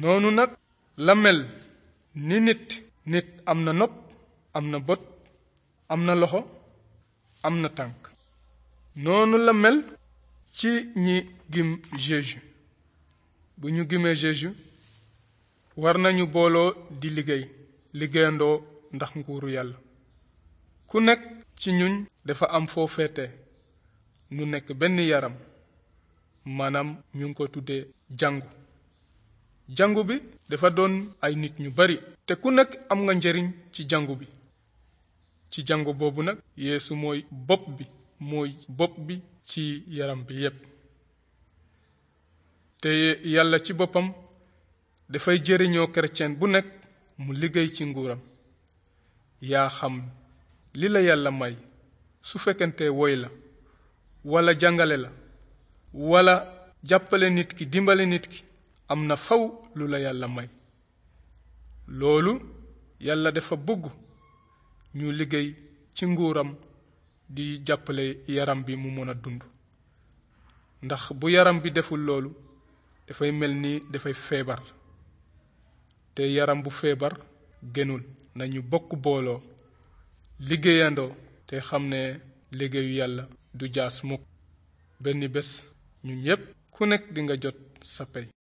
noonu nag la mel ni nit nit am na nopp am na bët am na loxo am na tànk noonu la mel ci ñi gim Jésus bu ñu gimee Jésus war nañu booloo di liggéey liggéeyandoo ndax nguuru yàlla ku nekk ci ñun dafa am foo féete nekk benn yaram maanaam ñu ngi ko tuddee jàngu jàngu bi dafa doon ay nit ñu bari te ku nekk am nga njariñ ci jàngu bi ci jàngu boobu nag yeesu mooy bopp bi mooy bopp bi ci yaram bi yépp te yàlla ci boppam dafay jëriñoo chrétien bu nekk mu liggéey ci nguuram yaa xam li la yàlla may su fekkente woy la wala jàngale la wala jàppale nit ki dimbale nit ki am na faw lu la yàlla may loolu yàlla dafa bëgg ñu liggéey ci nguuram di jàppale yaram bi mu mën a dund ndax bu yaram bi deful loolu dafay mel ni dafay feebar te yaram bu feebar gënul nañu bokk booloo liggéeyandoo te xam ne liggéeyu yàlla du jaas mukk benn bés ñu ñépp ku nekk dinga jot sa pay